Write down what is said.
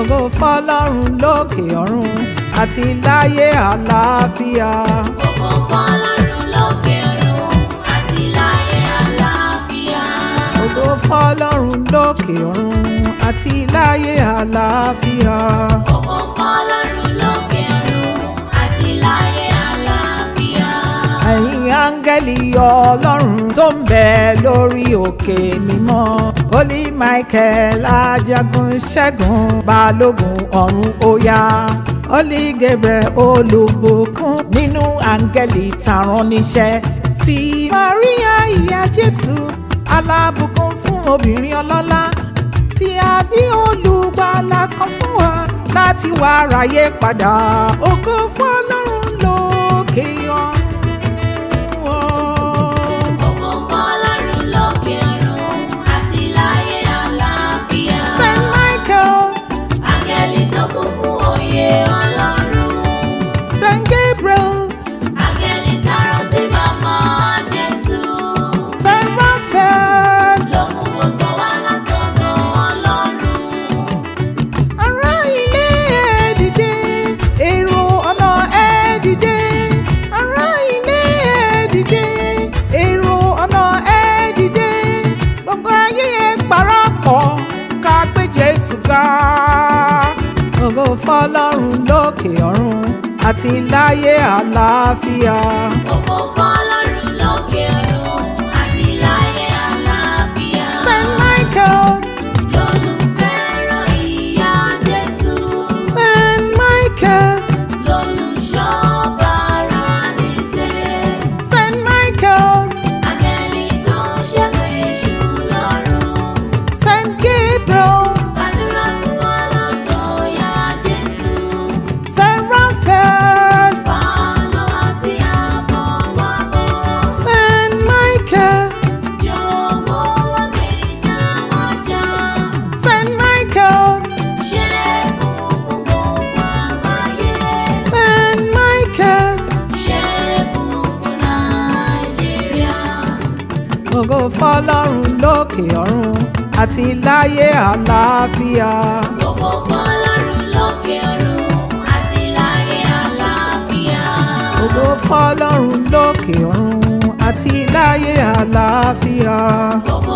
ògo fọlọ́run lókè ọ̀run àti láyé àlàáfíà. ògo fọlọ́run lókè ọ̀run àti láyé àlàáfíà. ògo fọlọ́run lókè ọ̀run àti láyé àlàáfíà. ògo fọlọ́run lókè ọ̀run àti láyé àlàáfíà. ẹ̀yin áńgẹ́lì ọlọ́run tó ń bẹ lórí òkè mímọ́. olè michael ajagun ṣẹ́gun balogun ọ̀run ọ̀yá holy gabriel olùbùkún nínú áńgẹ́lì tàrán níṣẹ́ ti maria ìyá jésù alábùkún fún obìnrin ọlọ́lá tí a bí olùgbàlà kan fún wa láti wá ráyé padà ògo fún ọlọ́run lókè o. ògo fọlọ́run lókè ọ̀run àti láyé àlàáfíà. ògo ògo fọlọ́run lókè ọ̀run àti láyé àlàáfíà. ògo fọlọ́run lókè ọ̀run àti láyé àlàáfíà. ògo fọlọ́run lókè ọ̀run àti láyé àlàáfíà. ògo